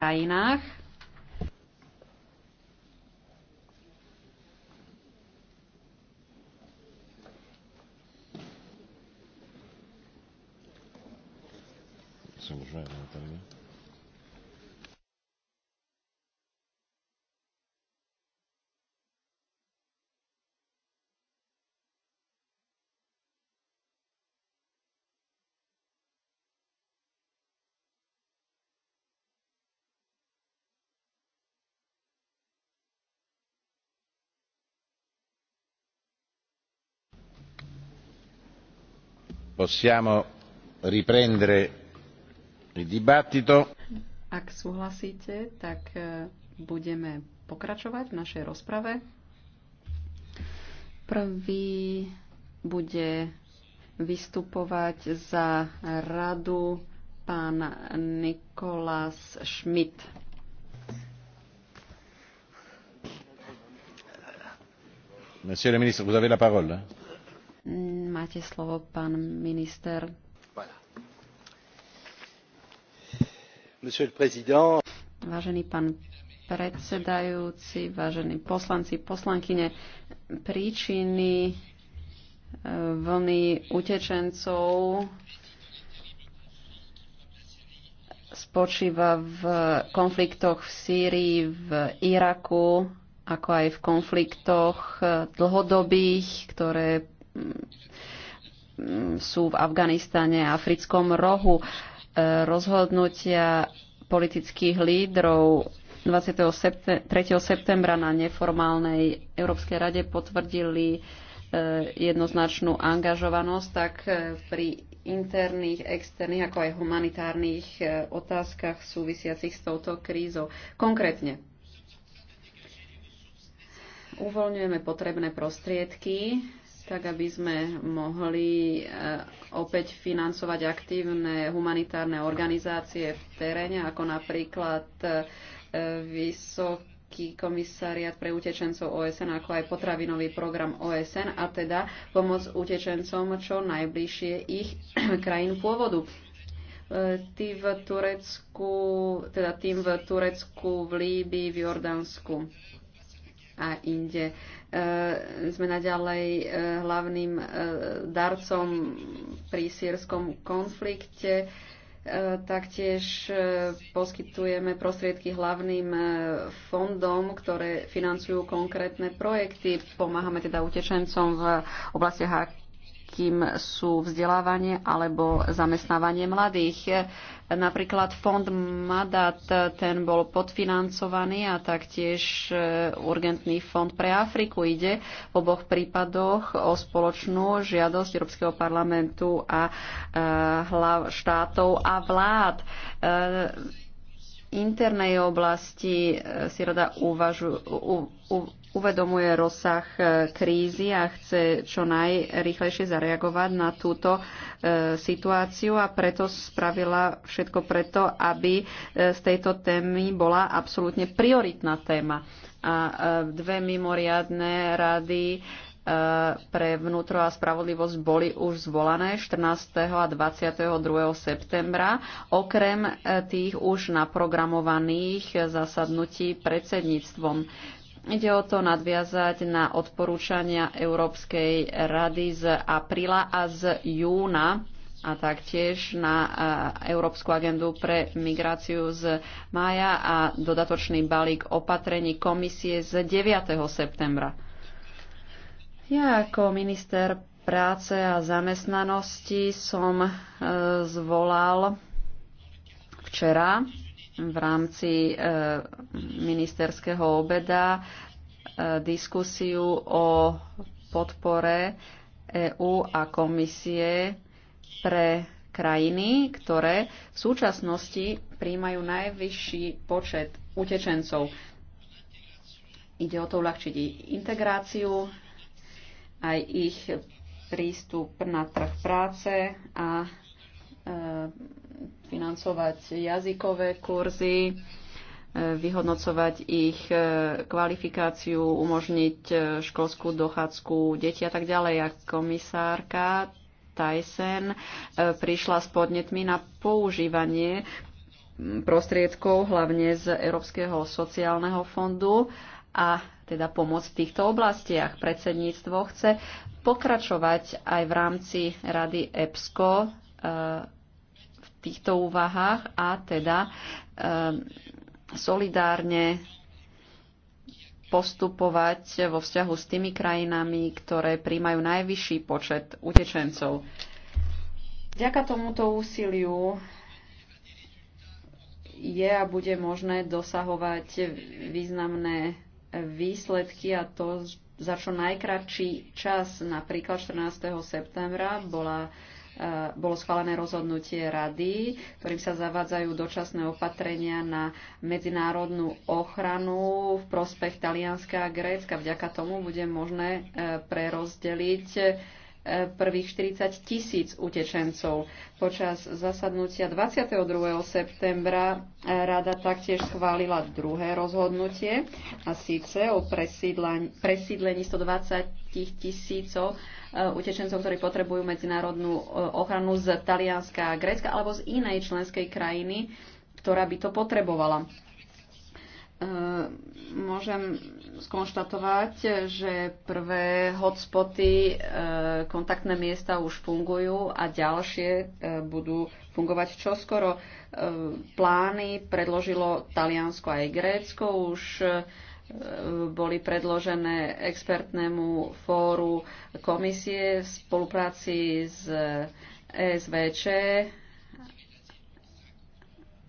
krajinách. Samozřejmě, tam Possiamo riprendere il dibattito. Ak súhlasíte, tak e, budeme pokračovať v našej rozprave. Prvý bude vystupovať za radu pán Nikolás Schmidt. Monsieur le ministre, vous avez la parole. Mm, máte slovo, pán minister. Vážený pán predsedajúci, vážení poslanci, poslankyne, príčiny e, vlny utečencov spočíva v konfliktoch v Sýrii, v Iraku, ako aj v konfliktoch e, dlhodobých, ktoré Mm, sú v Afganistane, africkom rohu, e, rozhodnutia politických lídrov 23. septembra na neformálnej Európskej rade potvrdili e, jednoznačnú angažovanosť, tak e, pri interných, externých, ako aj humanitárnych otázkach súvisiacich s touto krízou. Konkrétne, uvoľňujeme potrebné prostriedky tak aby sme mohli eh, opäť financovať aktívne humanitárne organizácie v teréne, ako napríklad eh, Vysoký komisariat pre utečencov OSN, ako aj potravinový program OSN, a teda pomoc utečencom čo najbližšie ich krajín pôvodu. Eh, tým v Turecku, teda tým v Turecku, v Líbii, v Jordánsku a inde. E, sme naďalej e, hlavným e, darcom pri sírskom konflikte. Taktiež poskytujeme prostriedky hlavným fondom, ktoré financujú konkrétne projekty. Pomáhame teda utečencom v oblastiach predovšetkým sú vzdelávanie alebo zamestnávanie mladých. Napríklad fond Madat, ten bol podfinancovaný a taktiež e, urgentný fond pre Afriku ide v oboch prípadoch o spoločnú žiadosť Európskeho parlamentu a e, hlav štátov a vlád e, internej oblasti si rada uvažu, u, u, uvedomuje rozsah e, krízy a chce čo najrychlejšie zareagovať na túto e, situáciu a preto spravila všetko preto, aby e, z tejto témy bola absolútne prioritná téma. A dve mimoriadne rady pre vnútro a spravodlivosť boli už zvolané 14. a 22. septembra, okrem tých už naprogramovaných zasadnutí predsedníctvom. Ide o to nadviazať na odporúčania Európskej rady z apríla a z júna a taktiež na Európsku agendu pre migráciu z mája a dodatočný balík opatrení komisie z 9. septembra. Ja ako minister práce a zamestnanosti som e, zvolal včera v rámci e, ministerského obeda e, diskusiu o podpore EÚ a komisie pre krajiny, ktoré v súčasnosti príjmajú najvyšší počet utečencov. Ide o to uľahčiť integráciu, aj ich prístup na trh práce a e, financovať jazykové kurzy, e, vyhodnocovať ich e, kvalifikáciu, umožniť e, školskú dochádzku detí a tak ďalej. A komisárka Tyson prišla s podnetmi na používanie prostriedkov, hlavne z Európskeho sociálneho fondu a teda pomoc v týchto oblastiach. Predsedníctvo chce pokračovať aj v rámci Rady EPSCO týchto úvahách a teda eh, solidárne postupovať vo vzťahu s tými krajinami, ktoré príjmajú najvyšší počet utečencov. Vďaka tomuto úsiliu je a bude možné dosahovať významné výsledky a to za čo najkračší čas, napríklad 14. septembra, bola Eh, bolo schválené rozhodnutie rady, ktorým sa zavádzajú dočasné opatrenia na medzinárodnú ochranu v prospech Talianska a Grécka. Vďaka tomu bude možné eh, prerozdeliť eh, Eh, prvých 40 tisíc utečencov. Počas zasadnutia 22. septembra eh, rada taktiež schválila druhé rozhodnutie a síce o presídlení 120 tisícov eh, utečencov, ktorí potrebujú medzinárodnú ochranu z Talianska a Grécka alebo z inej členskej krajiny, ktorá by to potrebovala. Môžem skonštatovať, že prvé hotspoty, e, kontaktné miesta už fungujú a ďalšie e, budú fungovať čoskoro. E, plány predložilo Taliansko aj Grécko, už boli predložené expertnému fóru komisie v spolupráci s ESVČ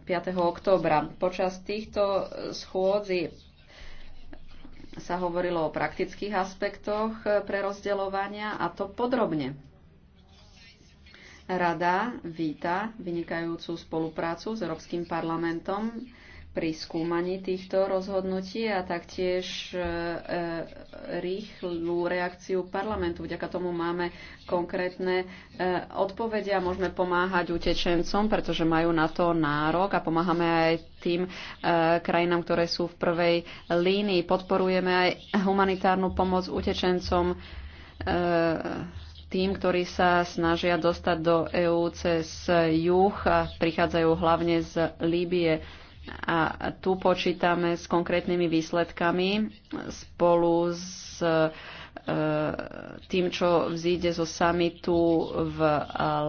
5. októbra. Počas týchto schôdzi sa hovorilo o praktických aspektoch e, prerozdeľovania a to podrobne. Rada víta vynikajúcu spoluprácu s Európskym parlamentom pri skúmaní týchto rozhodnutí a taktiež e, e, rýchlu reakciu parlamentu. Vďaka tomu máme konkrétne e, odpovede a môžeme pomáhať utečencom, pretože majú na to nárok a pomáhame aj tým krajinám, ktoré sú v prvej línii. Podporujeme aj humanitárnu pomoc utečencom tým, ktorí sa snažia dostať do EÚ cez juh a prichádzajú hlavne z Líbie a tu počítame s konkrétnymi výsledkami spolu s e, tým, čo vzíde zo samitu v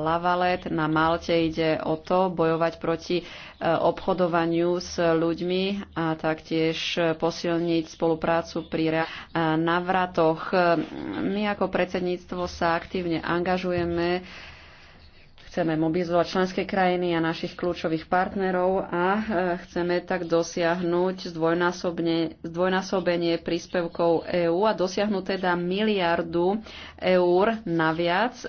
Lavalet na Malte. Ide o to bojovať proti e, obchodovaniu s ľuďmi a taktiež posilniť spoluprácu pri e, navratoch. My ako predsedníctvo sa aktívne angažujeme Chceme mobilizovať členské krajiny a našich kľúčových partnerov a e, chceme tak dosiahnuť zdvojnásobenie príspevkov EÚ a dosiahnuť teda miliardu eur naviac, e,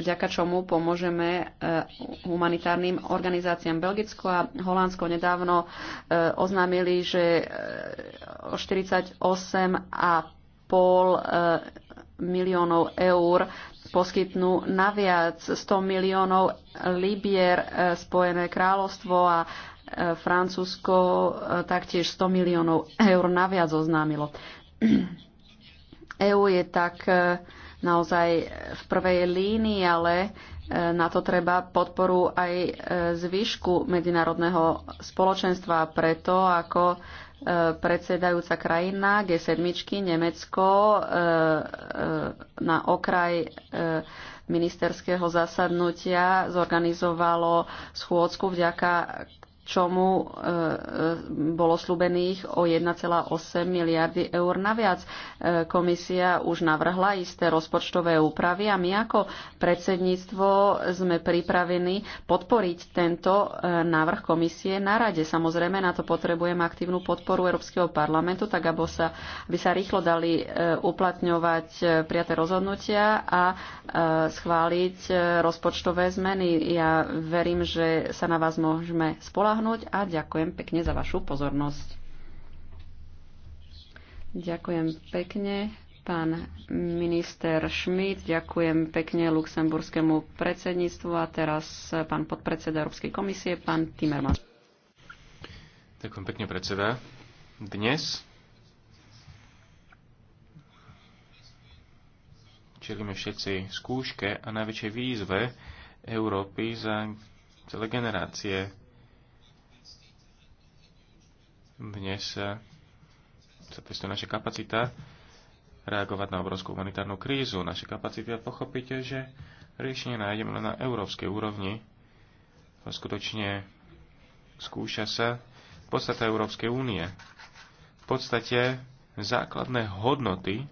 vďaka čomu pomôžeme e, humanitárnym organizáciám. Belgicko a Holandsko nedávno oznámili, že 48 a pol miliónov eur poskytnú naviac 100 miliónov libier e, Spojené kráľovstvo a e, Francúzsko e, taktiež 100 miliónov eur naviac oznámilo. EÚ je tak naozaj v prvej línii, ale na to treba podporu aj e, zvyšku medzinárodného spoločenstva. Preto ako e, predsedajúca krajina G7 Nemecko e, na okraj ministerského zasadnutia zorganizovalo schôdzku, vďaka čomu e, e, bolo slúbených o 1,8 miliardy eur naviac. E, komisia už navrhla isté rozpočtové úpravy a my ako predsedníctvo sme pripravení podporiť tento návrh komisie na rade. Samozrejme, na to potrebujeme aktívnu podporu Európskeho parlamentu, tak aby sa, aby sa rýchlo dali uplatňovať prijaté rozhodnutia a schváliť rozpočtové zmeny. Ja verím, že sa na vás môžeme spolahnuť dosiahnuť a ďakujem pekne za vašu pozornosť. Ďakujem pekne, pán minister Schmidt, ďakujem pekne luxemburskému predsedníctvu a teraz pán podpredseda Európskej komisie, pán Timmermans. Ďakujem pekne, predseda. Dnes čelíme všetci skúške a najväčšej výzve Európy za celé generácie dnes sa testuje naša kapacita reagovať na obrovskú humanitárnu krízu, naše kapacity a pochopíte, že riešenie nájdeme len na európskej úrovni. A skutočne skúša sa podstata Európskej únie. V podstate základné hodnoty,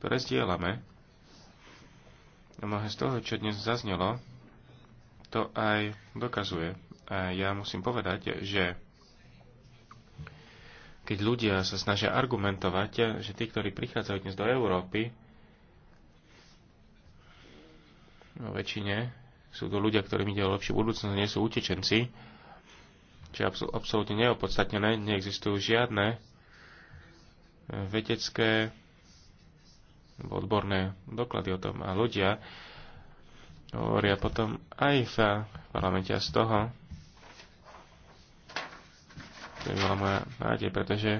ktoré zdieľame. Mnohé z toho, čo dnes zaznelo, to aj dokazuje. A ja musím povedať, že keď ľudia sa snažia argumentovať, že tí, ktorí prichádzajú dnes do Európy, no väčšine sú to ľudia, ktorým ide o lepšiu budúcnosť, nie sú utečenci, čo je absolútne neopodstatnené, neexistujú žiadne e, vedecké odborné doklady o tom a ľudia hovoria potom aj v parlamente z toho to by bola moja nádej, pretože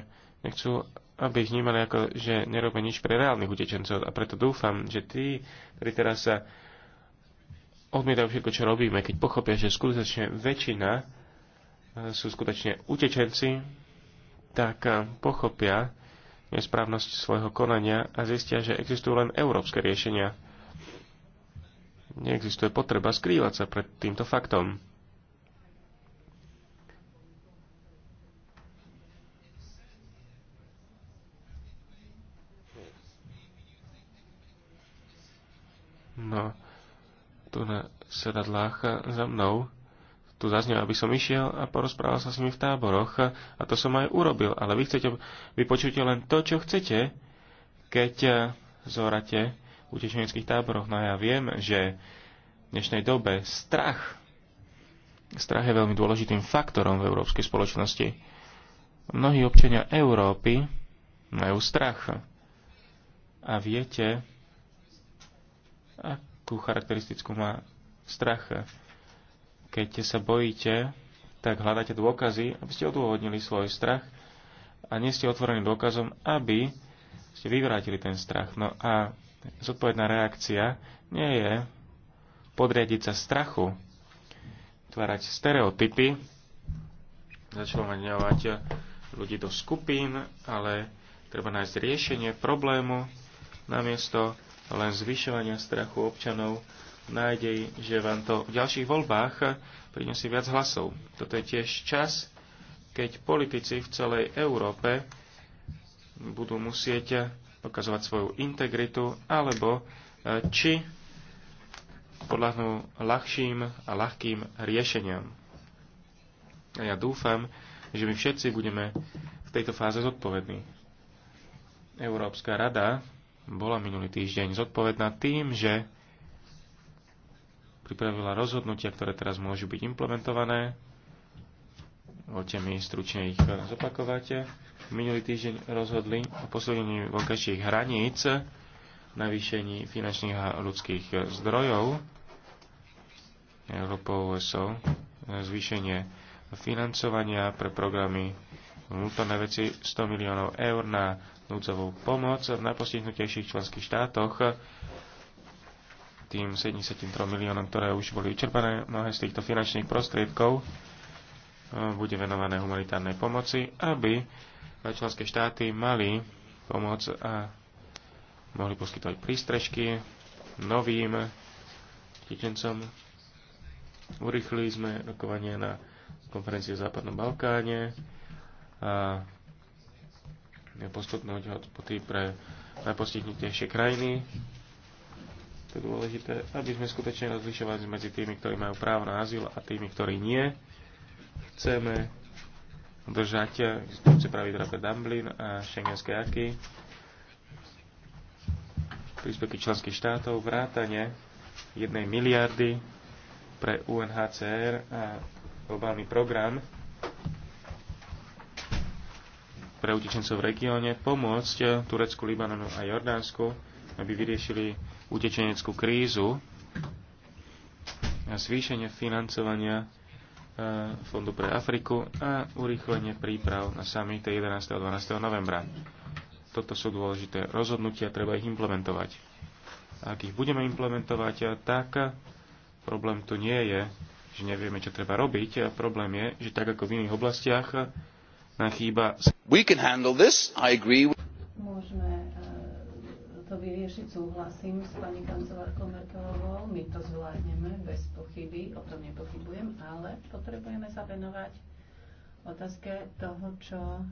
nechcú, aby ich vnímali ako, že nerobia nič pre reálnych utečencov a preto dúfam, že tí, ktorí teraz sa odmietajú všetko, čo robíme, keď pochopia, že skutočne väčšina e, sú skutočne utečenci, tak e, pochopia nesprávnosť svojho konania a zistia, že existujú len európske riešenia. Neexistuje potreba skrývať sa pred týmto faktom. No, tu na sedadlách za mnou. Tu zaznel, aby som išiel a porozprával sa s nimi v táboroch. A to som aj urobil. Ale vy chcete, vy počujete len to, čo chcete, keď eh, zorate v utečeneckých táboroch. No a ja viem, že v dnešnej dobe strach, strach je veľmi dôležitým faktorom v európskej spoločnosti. Mnohí občania Európy majú strach. A viete, akú charakteristickú má strach. Keď sa bojíte, tak hľadáte dôkazy, aby ste odôvodnili svoj strach a nie ste otvorení dôkazom, aby ste vyvrátili ten strach. No a zodpovedná reakcia nie je podriadiť sa strachu, tvárať stereotypy, začlenovať ľudí do skupín, ale treba nájsť riešenie problému namiesto len zvyšovania strachu občanov, nádej, že vám to v ďalších voľbách prinesie viac hlasov. Toto je tiež čas, keď politici v celej Európe budú musieť pokazovať svoju integritu, alebo e, či podľahnú ľahším a ľahkým riešeniam. A ja dúfam, že my všetci budeme v tejto fáze zodpovední. Európska rada bola minulý týždeň zodpovedná tým, že pripravila rozhodnutia, ktoré teraz môžu byť implementované. Volte mi stručne ich zopakovate. Minulý týždeň rozhodli o posilnení vonkajších hraníc, navýšení finančných a ľudských zdrojov Európou USO, zvýšenie financovania pre programy vnútorné veci 100 miliónov eur na núdzovú pomoc v najpostihnutejších členských štátoch tým 73 miliónom, ktoré už boli vyčerpané. Mnohé z týchto finančných prostriedkov e, bude venované humanitárnej pomoci, aby členské štáty mali pomoc a mohli poskytovať prístrežky novým tičencom. Urychlili sme rokovanie na konferencii v Západnom Balkáne. A poskytnúť hodnoty pre najpostihnutejšie krajiny. To je dôležité, aby sme skutočne rozlišovali medzi tými, ktorí majú právo na azyl a tými, ktorí nie. Chceme držať existujúce pravidla pre Dublin a šengenské aky, príspevky členských štátov, vrátane 1 miliardy pre UNHCR a globálny program pre utečencov v regióne pomôcť eh, Turecku, Libanonu a Jordánsku, aby vyriešili utečeneckú krízu a zvýšenie financovania eh, Fondu pre Afriku a urýchlenie príprav na samite 11. a 12. novembra. Toto sú dôležité rozhodnutia, treba ich implementovať. Ak ich budeme implementovať, eh, tak problém tu nie je, že nevieme, čo treba robiť. Problém je, že tak ako v iných oblastiach, chýba. We can handle this, I agree. Môžeme e, to vyriešiť, súhlasím s pani kancelárkou Merkelovou, my to zvládneme bez pochyby, o tom nepochybujem, ale potrebujeme sa venovať otázke toho, čo um,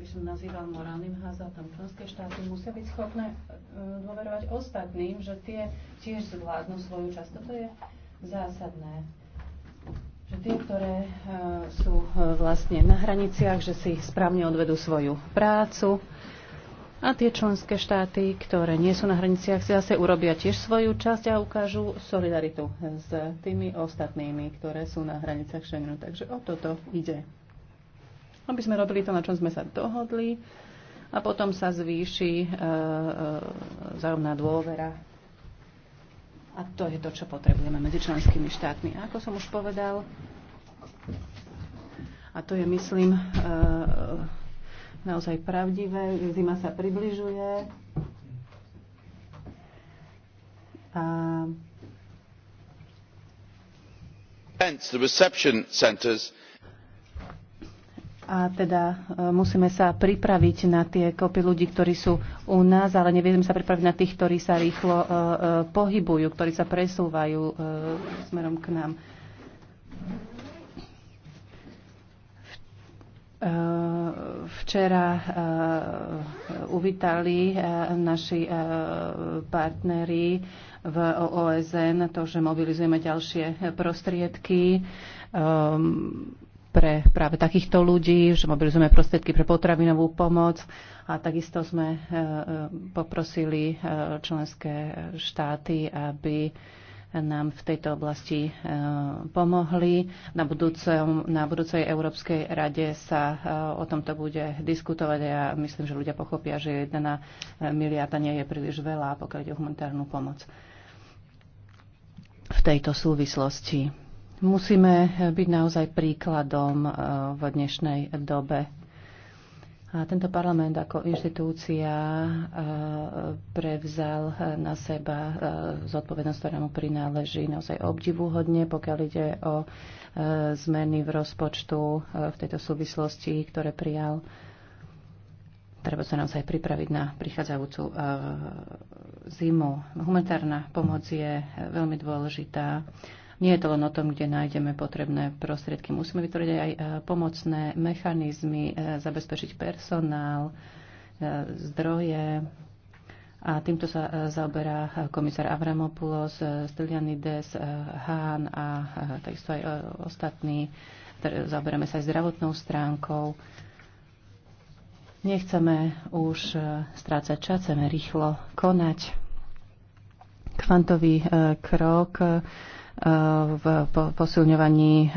by som nazýval morálnym házatom. Členské štáty musia byť schopné um, dôverovať ostatným, že tie tiež zvládnu svoju časť. Toto je zásadné že tie, ktoré e, sú e, vlastne na hraniciach, že si správne odvedú svoju prácu a tie členské štáty, ktoré nie sú na hraniciach, si zase urobia tiež svoju časť a ukážu solidaritu s tými ostatnými, ktoré sú na hraniciach Schengenu. Takže o toto ide. Aby sme robili to, na čom sme sa dohodli a potom sa zvýši e, e, dôvera a to je to, čo potrebujeme medzi členskými štátmi. A ako som už povedal, a to je, myslím, eh, naozaj pravdivé, zima sa približuje. A the reception centres a teda e, musíme sa pripraviť na tie kopy ľudí, ktorí sú u nás, ale nevieme sa pripraviť na tých, ktorí sa rýchlo e, e, pohybujú, ktorí sa presúvajú smerom k nám. Včera uvítali naši partneri v OSN to, že mobilizujeme ďalšie prostriedky. Ehm, pre práve takýchto ľudí, že mobilizujeme prostriedky pre potravinovú pomoc a takisto sme e, e, poprosili e, členské štáty, aby nám v tejto oblasti pomohli. Na, budúcom, na budúcej Európskej rade sa o tomto bude diskutovať a ja myslím, že ľudia pochopia, že jedna miliarda nie je príliš veľa, pokiaľ ide o humanitárnu pomoc v tejto súvislosti. Musíme byť naozaj príkladom eh, v dnešnej dobe. A tento parlament ako inštitúcia eh, prevzal na seba eh, zodpovednosť, ktorá mu prináleží naozaj obdivuhodne, pokiaľ ide o zmeny v rozpočtu v tejto súvislosti, ktoré prijal. Treba sa naozaj pripraviť na prichádzajúcu zimu. Humanitárna pomoc je veľmi dôležitá nie je to len o tom, kde nájdeme potrebné prostriedky. Musíme vytvoriť aj e, pomocné mechanizmy, e, zabezpečiť personál, e, zdroje. A týmto sa zaoberá komisár Avramopoulos, Stylianides, Hahn a takisto aj ostatní. Zaoberáme sa aj zdravotnou stránkou. Nechceme už strácať čas, chceme rýchlo konať. Kvantový krok v posilňovaní eh,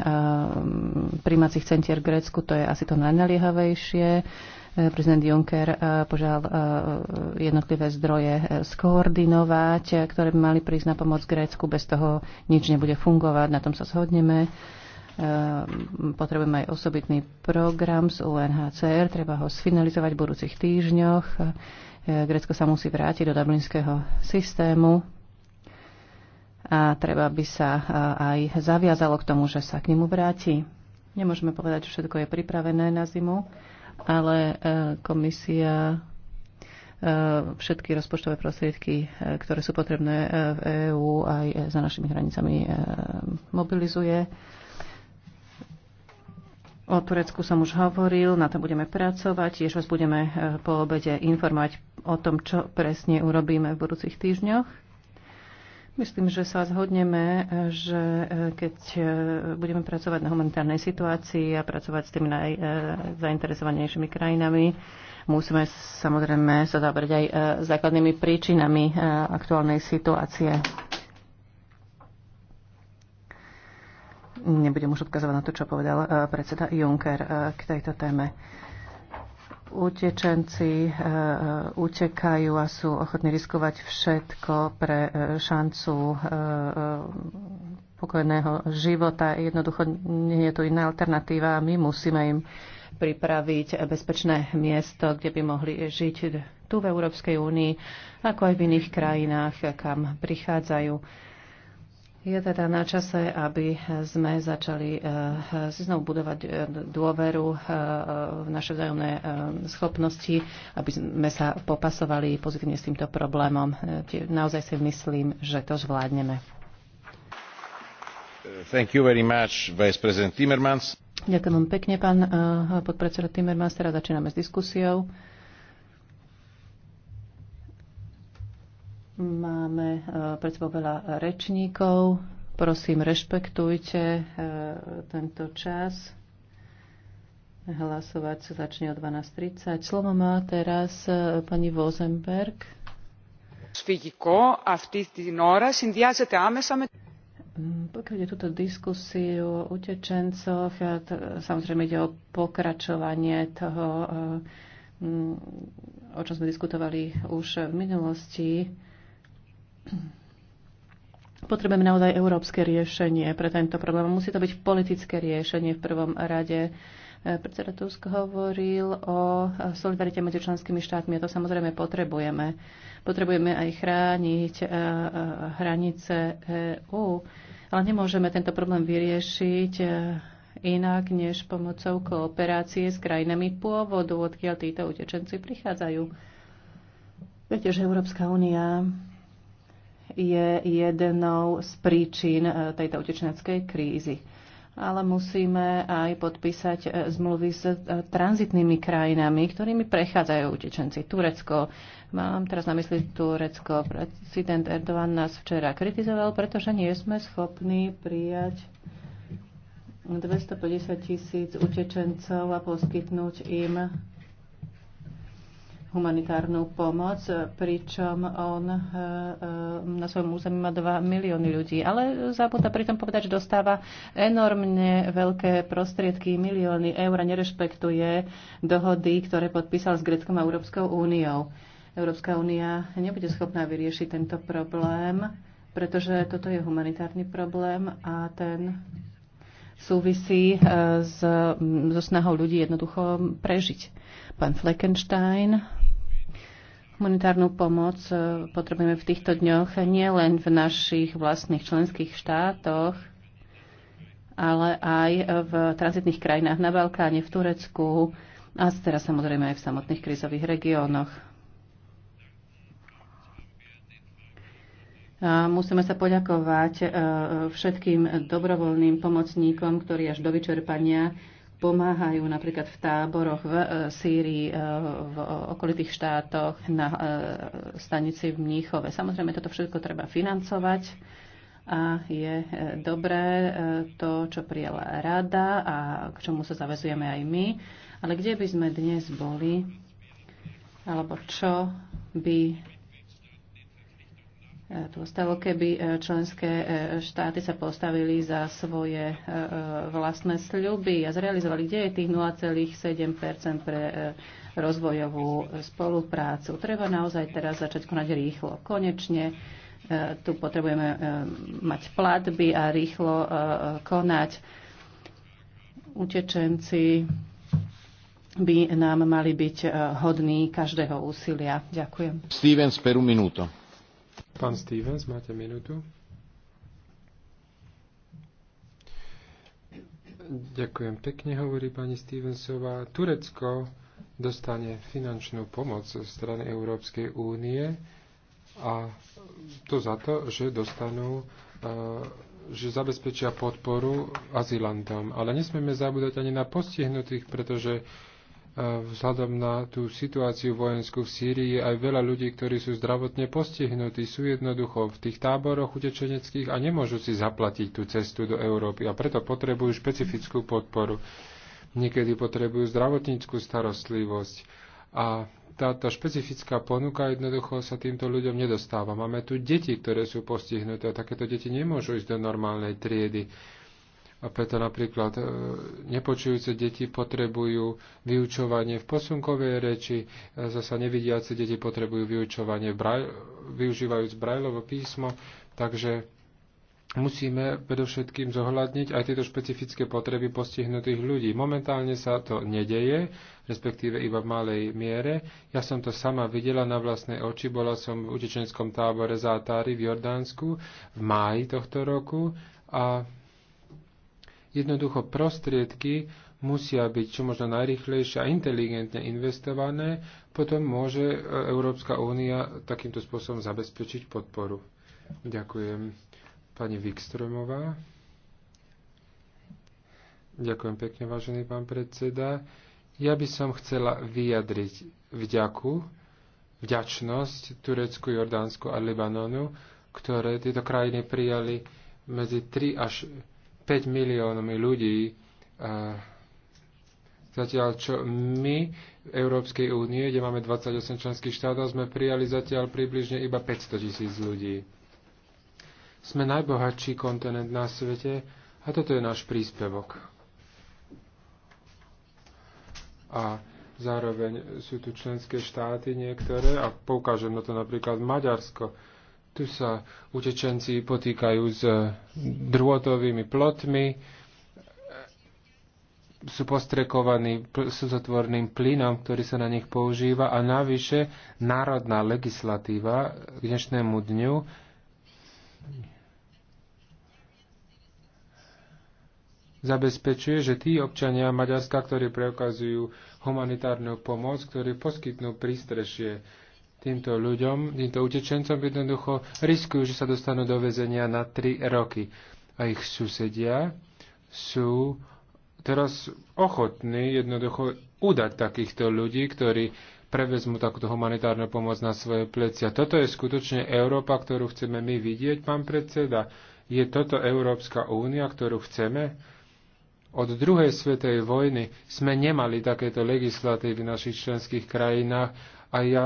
príjmacích centier v Grécku. To je asi to najnaliehavejšie. Eh, prezident Juncker eh, požal jednotlivé zdroje skoordinovať, ktoré by mali prísť na pomoc Grécku. Bez toho nič nebude fungovať, na tom sa shodneme potrebujeme aj osobitný program z UNHCR, treba ho sfinalizovať v budúcich týždňoch. Grécko sa musí vrátiť do dublinského systému a treba by sa aj zaviazalo k tomu, že sa k nemu vráti. Nemôžeme povedať, že všetko je pripravené na zimu, ale e, komisia e, všetky rozpočtové prostriedky, e, ktoré sú potrebné v EÚ aj za našimi hranicami mobilizuje. O Turecku som už hovoril, na tom budeme pracovať, tiež vás budeme po obede informovať o tom, čo presne urobíme v budúcich týždňoch. Myslím, že sa zhodneme, že e, keď e, budeme pracovať na humanitárnej situácii a pracovať s tými najzainteresovanejšími krajinami, musíme samozrejme sa zabrať aj e, základnými príčinami aktuálnej situácie. Nebudem už odkazovať na to, čo povedal predseda Juncker k tejto téme utečenci e, e, utekajú a sú ochotní riskovať všetko pre e, šancu pokojného života. Jednoducho nie je tu iná alternatíva my musíme im pripraviť bezpečné miesto, kde by mohli žiť tu v Európskej únii, ako aj v iných krajinách, kam prichádzajú. Je teda na čase, aby sme začali eh, si znovu budovať eh, dôveru eh, v naše vzájomné schopnosti, aby sme sa popasovali pozitívne s týmto problémom. Naozaj si myslím, že to zvládneme. Thank you very much, Vice Ďakujem pekne, pán podpredseda Timmermans. Teraz začíname s diskusiou. Máme e, pred sebou veľa rečníkov. Prosím, rešpektujte e, tento čas. Hlasovať sa začne o 12.30. Slovo má teraz e, pani Vozenberg. Sfigiko mm, Pokiaľ je túto diskusiu o utečencoch, samozrejme ide o pokračovanie toho, mm, o čom sme diskutovali už v minulosti Potrebujeme naozaj európske riešenie pre tento problém. Musí to byť politické riešenie v prvom rade. Eh, predseda Tusk hovoril o solidarite medzi členskými štátmi a to samozrejme potrebujeme. Potrebujeme aj chrániť eh, eh, hranice EÚ, ale nemôžeme tento problém vyriešiť inak než pomocou kooperácie s krajinami pôvodu, odkiaľ títo utečenci prichádzajú. Viete, že Európska únia je jednou z príčin e, tejto utečeneckej krízy. Ale musíme aj podpísať e, zmluvy s e, tranzitnými krajinami, ktorými prechádzajú utečenci. Turecko, mám teraz na mysli Turecko, prezident Erdogan nás včera kritizoval, pretože nie sme schopní prijať 250 tisíc utečencov a poskytnúť im humanitárnu pomoc, pričom on e, e, na svojom území má 2 milióny ľudí. Ale zabúda pritom povedať, že dostáva enormne veľké prostriedky, milióny eur a nerešpektuje dohody, ktoré podpísal s Greckom a Európskou úniou. Európska únia nebude schopná vyriešiť tento problém, pretože toto je humanitárny problém a ten súvisí e, so snahou ľudí jednoducho prežiť. Pán Fleckenstein. Humanitárnu pomoc e, potrebujeme v týchto dňoch e, nielen v našich vlastných členských štátoch, ale aj e, v tranzitných krajinách na Balkáne, v Turecku a teraz samozrejme aj v samotných krizových regiónoch. Musíme sa poďakovať všetkým dobrovoľným pomocníkom, ktorí až do vyčerpania pomáhajú napríklad v táboroch v e, Sýrii, e, v okolitých štátoch, na e, stanici v Mníchove. Samozrejme, toto všetko treba financovať a je dobré to, čo prijala rada a k čomu sa zavezujeme aj my. Ale kde by sme dnes boli, alebo čo by to stalo, keby e, členské e, štáty sa postavili za svoje e, vlastné sľuby a zrealizovali, kde je tých 0,7 pre rozvojovú spoluprácu. Treba naozaj teraz začať konať rýchlo. Konečne tu potrebujeme mať platby a rýchlo konať. Utečenci by nám mali byť hodní každého úsilia. Ďakujem. Stevens, Peru minúto. Pán Stevens, máte minútu. Ďakujem pekne, hovorí pani Stevensová. Turecko dostane finančnú pomoc zo strany Európskej únie a to za to, že dostanú, e, že zabezpečia podporu azylantom. Ale nesmieme zabúdať ani na postihnutých, pretože vzhľadom na tú situáciu vojenskú v Sýrii je aj veľa ľudí, ktorí sú zdravotne postihnutí, sú jednoducho v tých táboroch utečeneckých a nemôžu si zaplatiť tú cestu do Európy a preto potrebujú špecifickú podporu. Niekedy potrebujú zdravotníckú starostlivosť a táto špecifická ponuka jednoducho sa týmto ľuďom nedostáva. Máme tu deti, ktoré sú postihnuté a takéto deti nemôžu ísť do normálnej triedy a preto napríklad e, nepočujúce deti potrebujú vyučovanie v posunkovej reči, e, zasa nevidiace deti potrebujú vyučovanie braj, využívajúc brajlovo písmo, takže musíme predovšetkým zohľadniť aj tieto špecifické potreby postihnutých ľudí. Momentálne sa to nedeje, respektíve iba v malej miere. Ja som to sama videla na vlastnej oči. Bola som v utečenskom tábore Zátári v Jordánsku v máji tohto roku a Jednoducho prostriedky musia byť čo možno najrychlejšie a inteligentne investované, potom môže e, Európska únia takýmto spôsobom zabezpečiť podporu. Ďakujem. Pani Vikstromová. Ďakujem pekne, vážený pán predseda. Ja by som chcela vyjadriť vďaku, vďačnosť Turecku, Jordánsku a Libanonu, ktoré tieto krajiny prijali medzi 3 až 5 miliónmi ľudí, zatiaľ čo my v Európskej únie, kde máme 28 členských štátov, sme prijali zatiaľ približne iba 500 tisíc ľudí. Sme najbohatší kontinent na svete a toto je náš príspevok. A zároveň sú tu členské štáty niektoré a poukážem na to napríklad Maďarsko, tu sa utečenci potýkajú s eh, drôtovými plotmi, sú postrekovaní slzotvorným plynom, ktorý sa na nich používa a navyše národná legislatíva k dnešnému dňu zabezpečuje, že tí občania Maďarska, ktorí preukazujú humanitárnu pomoc, ktorí poskytnú prístrešie týmto ľuďom, týmto utečencom jednoducho riskujú, že sa dostanú do väzenia na 3 roky. A ich susedia sú teraz ochotní jednoducho udať takýchto ľudí, ktorí prevezmu takúto humanitárnu pomoc na svoje plecia. Toto je skutočne Európa, ktorú chceme my vidieť, pán predseda. Je toto Európska únia, ktorú chceme? Od druhej svetej vojny sme nemali takéto legislatívy v našich členských krajinách a ja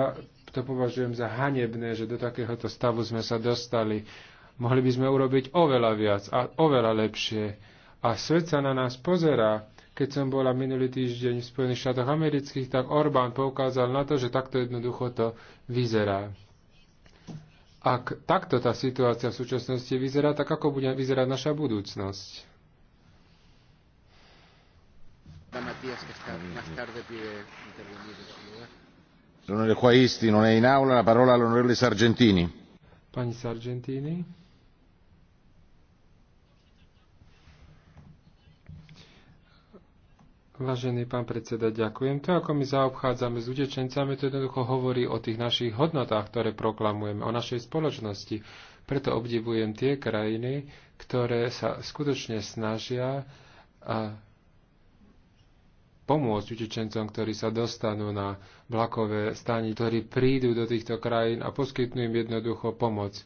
to považujem za hanebné, že do takéhoto stavu sme sa dostali. Mohli by sme urobiť oveľa viac a oveľa lepšie. A svet sa na nás pozerá. Keď som bola minulý týždeň v Spojených štátoch amerických, tak Orbán poukázal na to, že takto jednoducho to vyzerá. Ak takto tá situácia v súčasnosti vyzerá, tak ako bude vyzerať naša budúcnosť? Matías, que está más tarde pide intervenir. Pani Sargentini. Vážený pán predseda, ďakujem. To, ako my zaobchádzame s utečencami, to jednoducho hovorí o tých našich hodnotách, ktoré proklamujeme, o našej spoločnosti. Preto obdivujem tie krajiny, ktoré sa skutočne snažia a pomôcť utečencom, ktorí sa dostanú na vlakové stani, ktorí prídu do týchto krajín a poskytnú im jednoducho pomoc.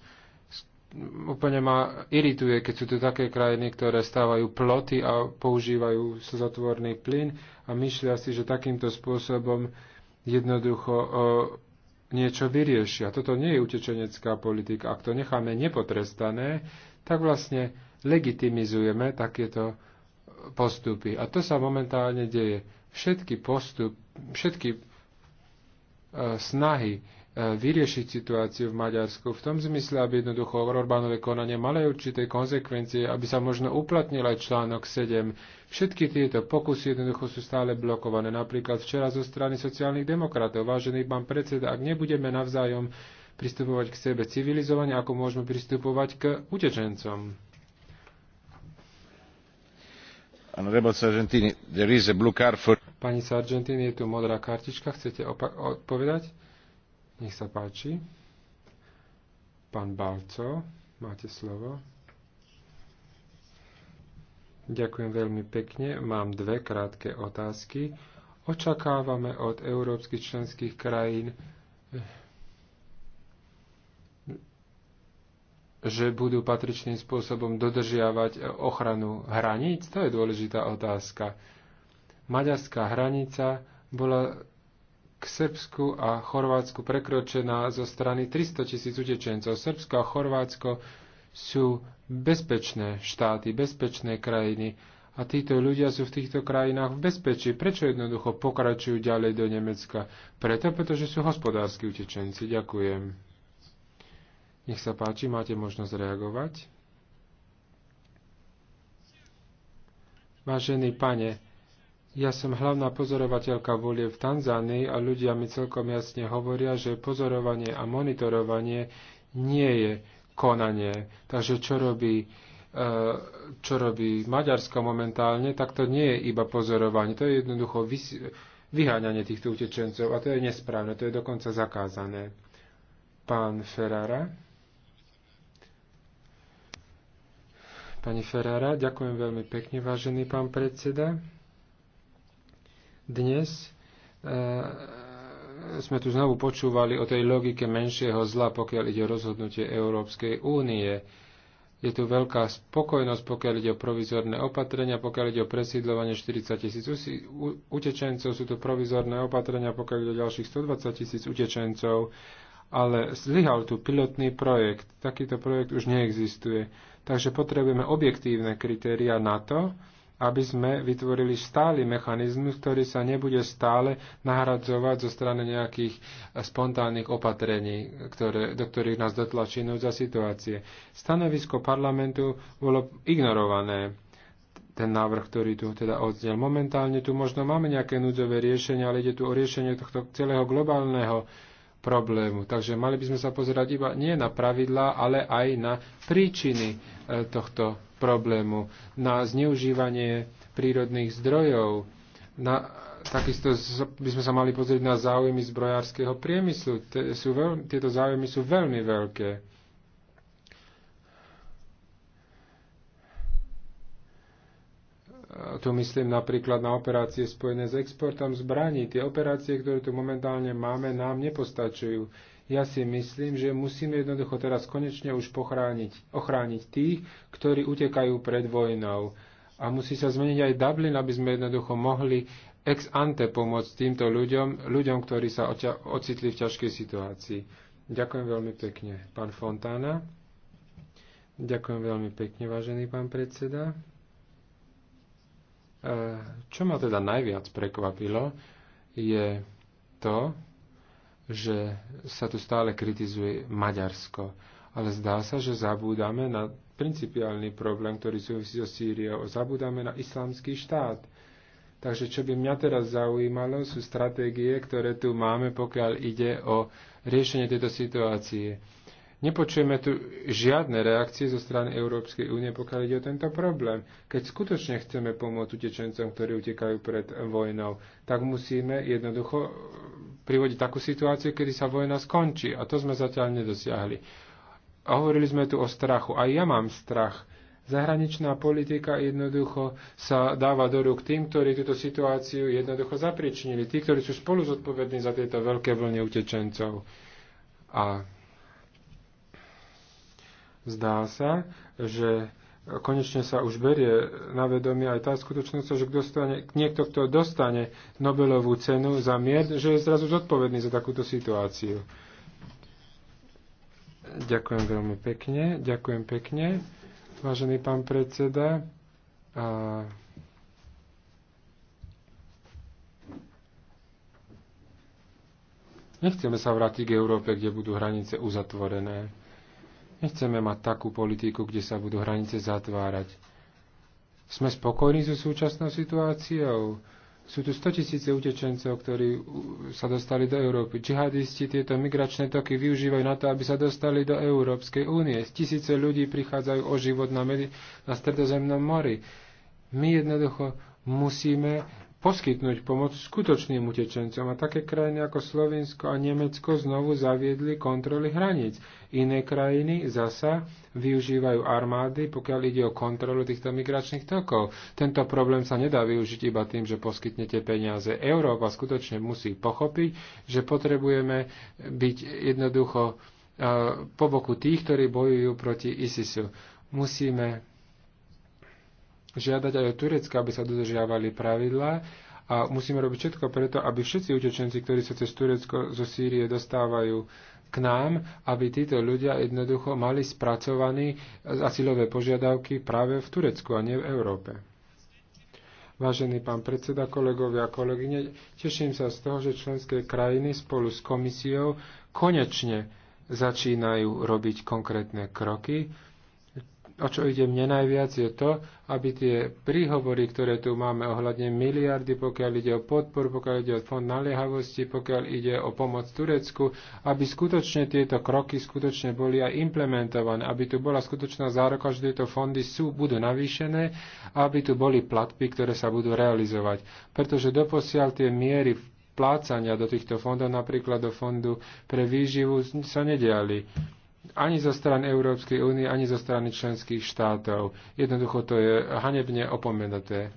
Úplne ma irituje, keď sú tu také krajiny, ktoré stávajú ploty a používajú slzotvorný plyn a myšlia si, že takýmto spôsobom jednoducho o, niečo vyriešia. Toto nie je utečenecká politika. Ak to necháme nepotrestané, tak vlastne legitimizujeme takéto postupy. A to sa momentálne deje. Všetky, postup, všetky e, snahy e, vyriešiť situáciu v Maďarsku v tom zmysle, aby jednoducho Orbánové konanie mali určité konsekvencie, aby sa možno uplatnil aj článok 7. Všetky tieto pokusy jednoducho sú stále blokované. Napríklad včera zo strany sociálnych demokratov. Vážený pán predseda, ak nebudeme navzájom pristupovať k sebe civilizovane, ako môžeme pristupovať k utečencom. Pani Sargentini, je tu modrá kartička. Chcete odpovedať? Nech sa páči. Pán Balco, máte slovo. Ďakujem veľmi pekne. Mám dve krátke otázky. Očakávame od európskych členských krajín eh, že budú patričným spôsobom dodržiavať ochranu hraníc? To je dôležitá otázka. Maďarská hranica bola k Srbsku a Chorvátsku prekročená zo strany 300 tisíc utečencov. Srbsko a Chorvátsko sú bezpečné štáty, bezpečné krajiny a títo ľudia sú v týchto krajinách v bezpečí. Prečo jednoducho pokračujú ďalej do Nemecka? Preto, pretože sú hospodárski utečenci. Ďakujem. Nech sa páči, máte možnosť reagovať. Vážený pane, ja som hlavná pozorovateľka volie v Tanzánii a ľudia mi celkom jasne hovoria, že pozorovanie a monitorovanie nie je konanie. Takže čo robí e, čo robí Maďarsko momentálne, tak to nie je iba pozorovanie. To je jednoducho vyháňanie týchto utečencov a to je nesprávne, to je dokonca zakázané. Pán Ferrara. Pani Ferrara, ďakujem veľmi pekne, vážený pán predseda. Dnes e, e, sme tu znovu počúvali o tej logike menšieho zla, pokiaľ ide o rozhodnutie Európskej únie. Je tu veľká spokojnosť, pokiaľ ide o provizorné opatrenia, pokiaľ ide o presídlovanie 40 tisíc utečencov, sú to provizorné opatrenia, pokiaľ ide o ďalších 120 tisíc utečencov ale zlyhal tu pilotný projekt. Takýto projekt už neexistuje. Takže potrebujeme objektívne kritéria na to, aby sme vytvorili stály mechanizmus, ktorý sa nebude stále nahradzovať zo strany nejakých spontánnych opatrení, ktoré, do ktorých nás dotlačí za situácie. Stanovisko parlamentu bolo ignorované ten návrh, ktorý tu teda odznel. Momentálne tu možno máme nejaké núdzové riešenia, ale ide tu o riešenie tohto celého globálneho problému. Takže mali by sme sa pozerať iba nie na pravidlá, ale aj na príčiny e, tohto problému, na zneužívanie prírodných zdrojov. Na, takisto by sme sa mali pozrieť na záujmy zbrojárskeho priemyslu. tieto záujmy sú veľmi veľké. tu myslím napríklad na operácie spojené s exportom zbraní. Tie operácie, ktoré tu momentálne máme, nám nepostačujú. Ja si myslím, že musíme jednoducho teraz konečne už pochrániť, ochrániť tých, ktorí utekajú pred vojnou. A musí sa zmeniť aj Dublin, aby sme jednoducho mohli ex ante pomôcť týmto ľuďom, ľuďom, ktorí sa ocitli v ťažkej situácii. Ďakujem veľmi pekne, pán Fontána. Ďakujem veľmi pekne, vážený pán predseda. Eh, čo ma teda najviac prekvapilo, je to, že sa tu stále kritizuje Maďarsko. Ale zdá sa, že zabúdame na principiálny problém, ktorý súvisí so Sýriou. Zabúdame na islamský štát. Takže čo by mňa teraz zaujímalo, sú stratégie, ktoré tu máme, pokiaľ ide o riešenie tejto situácie Nepočujeme tu žiadne reakcie zo strany Európskej únie, pokiaľ ide o tento problém. Keď skutočne chceme pomôcť utečencom, ktorí utekajú pred vojnou, tak musíme jednoducho privodiť takú situáciu, kedy sa vojna skončí. A to sme zatiaľ nedosiahli. A hovorili sme tu o strachu. Aj ja mám strach. Zahraničná politika jednoducho sa dáva do rúk tým, ktorí túto situáciu jednoducho zapričinili. Tí, ktorí sú spolu zodpovední za tieto veľké vlny utečencov. A Zdá sa, že konečne sa už berie na vedomie aj tá skutočnosť, že dostane, niekto, kto dostane Nobelovú cenu za mier, že je zrazu zodpovedný za takúto situáciu. Ďakujem veľmi pekne, ďakujem pekne, vážený pán predseda. A... Nechceme sa vrátiť k Európe, kde budú hranice uzatvorené. Nechceme mať takú politiku, kde sa budú hranice zatvárať. Sme spokojní so súčasnou situáciou. Sú tu 100 tisíce utečencov, ktorí sa dostali do Európy. Džihadisti tieto migračné toky využívajú na to, aby sa dostali do Európskej únie. Tisíce ľudí prichádzajú o život na, Medi- na Stredozemnom mori. My jednoducho musíme poskytnúť pomoc skutočným utečencom. A také krajiny ako Slovensko a Nemecko znovu zaviedli kontroly hraníc. Iné krajiny zasa využívajú armády, pokiaľ ide o kontrolu týchto migračných tokov. Tento problém sa nedá využiť iba tým, že poskytnete peniaze. Európa skutočne musí pochopiť, že potrebujeme byť jednoducho eh, po boku tých, ktorí bojujú proti ISISu. Musíme žiadať aj od Turecka, aby sa dodržiavali pravidlá a musíme robiť všetko preto, aby všetci utečenci, ktorí sa cez Turecko zo Sýrie dostávajú k nám, aby títo ľudia jednoducho mali spracované e, asilové požiadavky práve v Turecku a nie v Európe. Vážený pán predseda, kolegovia a kolegyne, teším sa z toho, že členské krajiny spolu s komisiou konečne začínajú robiť konkrétne kroky, O čo ide mne najviac je to, aby tie príhovory, ktoré tu máme ohľadne miliardy, pokiaľ ide o podporu, pokiaľ ide o fond naliehavosti, pokiaľ ide o pomoc Turecku, aby skutočne tieto kroky skutočne boli aj implementované, aby tu bola skutočná zároka, že tieto fondy sú, budú navýšené, aby tu boli platby, ktoré sa budú realizovať. Pretože doposiaľ tie miery plácania do týchto fondov, napríklad do fondu pre výživu, sa nediali ani zo strany Európskej únie, ani zo strany členských štátov. Jednoducho to je hanebne opomenuté.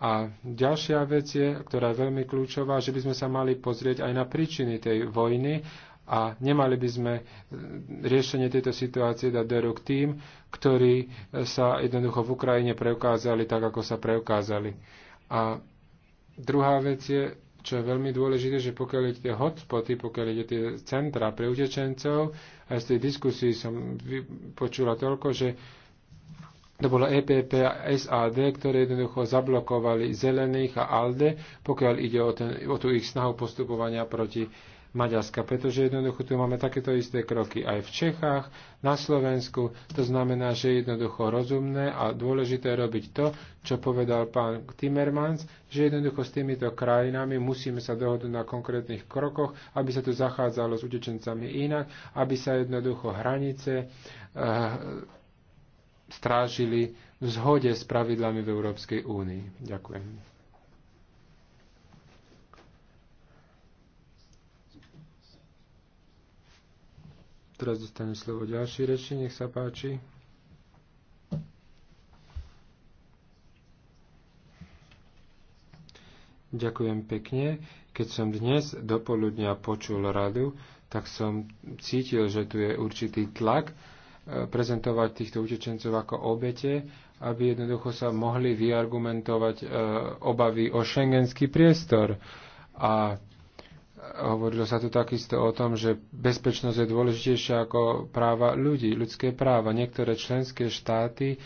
A ďalšia vec je, ktorá je veľmi kľúčová, že by sme sa mali pozrieť aj na príčiny tej vojny a nemali by sme e, riešenie tejto situácie dať do rúk tým, ktorí e, sa jednoducho v Ukrajine preukázali tak, ako sa preukázali. A druhá vec je, čo je veľmi dôležité, že pokiaľ ide tie hotspoty, pokiaľ ide tie centra pre utečencov, aj z tej diskusii som počula toľko, že to bolo EPP a SAD, ktoré jednoducho zablokovali zelených a ALDE, pokiaľ ide o, ten, o tú ich snahu postupovania proti Maďarska, pretože jednoducho tu máme takéto isté kroky aj v Čechách, na Slovensku. To znamená, že je jednoducho rozumné a dôležité robiť to, čo povedal pán Timmermans, že jednoducho s týmito krajinami musíme sa dohodnúť na konkrétnych krokoch, aby sa tu zachádzalo s utečencami inak, aby sa jednoducho hranice e strážili v zhode s pravidlami v Európskej únii. Ďakujem. Teraz dostane slovo ďalší reči, nech sa páči. Ďakujem pekne. Keď som dnes do poludnia počul radu, tak som cítil, že tu je určitý tlak eh, prezentovať týchto utečencov ako obete, aby jednoducho sa mohli vyargumentovať eh, obavy o šengenský priestor. A Hovorilo sa tu takisto o tom, že bezpečnosť je dôležitejšia ako práva ľudí, ľudské práva. Niektoré členské štáty